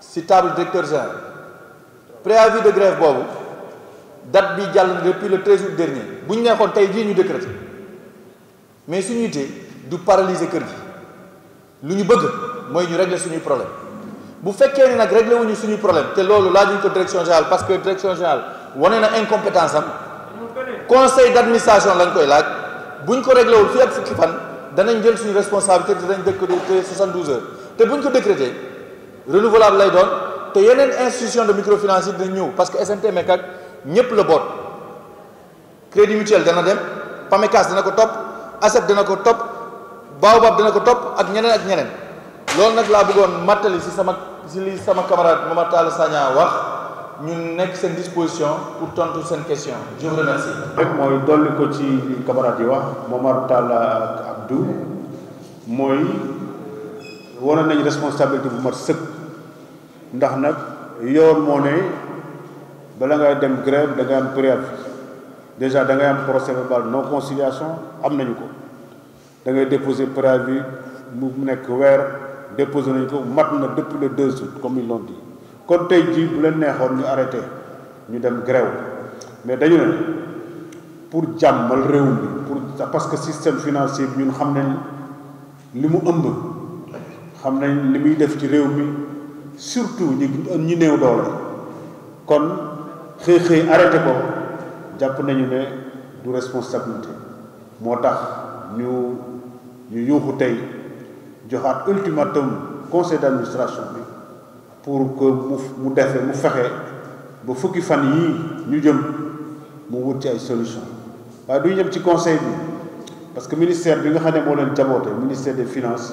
si table directeur général préavis de grève boobu date bi jàll depuis le 13 août dernier bu ñu neexoon tey jii ñu décrété mais suñu yitee du paralyser kër gi lu ñu bëgg mooy ñu régler suñuy problème bu fekkee ni nag réglé wuñu suñu problème te loolu laajuñ ko direction générale parce que direction générale wane na incompétence am conseil d'administration lañ koy laaj buñ ko réglé wul fii ak fukki fan danañ jël suñu responsabilité danañ décréter 72 heures te buñ ko décréter renouvelable lay doon te institution de microfinance de parce que SMT n'est ñëpp le bot. crédit mutuel Pamekas, dem ko Baobab dana ko top, ak ñeneen ak ñeneen camarade Sagna wax disposition pour tontu seen question je vous remercie. rek camarade wax Abdou waroon nañ responsabilité bu mat sëkk ndax nag yoon moo ne bala nga dem grève da ngay am préavis déjà da ngay am procès verbal non conciliation am nañu ko da ngay déposer préavis mu nekk weer déposé nañu ko mat na depuis le 2 août comme ils l'ont dit kon tey jii bu leen neexoon ñu arrêté ñu dem grève mais dañu ne pour jàmmal réew mi pour parce que système financier bi ñun xam nañ li mu ëmb xam nañ li muy def ci réew mi surtout ñi ñi néew doole kon xëy xëy arrêté ko jàpp nañu ne du responsabilité moo tax ñu ñu yuuxu tey joxaat ultimatum conseil d'administration bi pour que mu mu defee mu fexe ba fukki fan yii ñu jëm mu wut ci ay solution waaye du ñu jëm ci conseil bi parce que ministère bi nga xam ne moo leen jaboote ministère des finances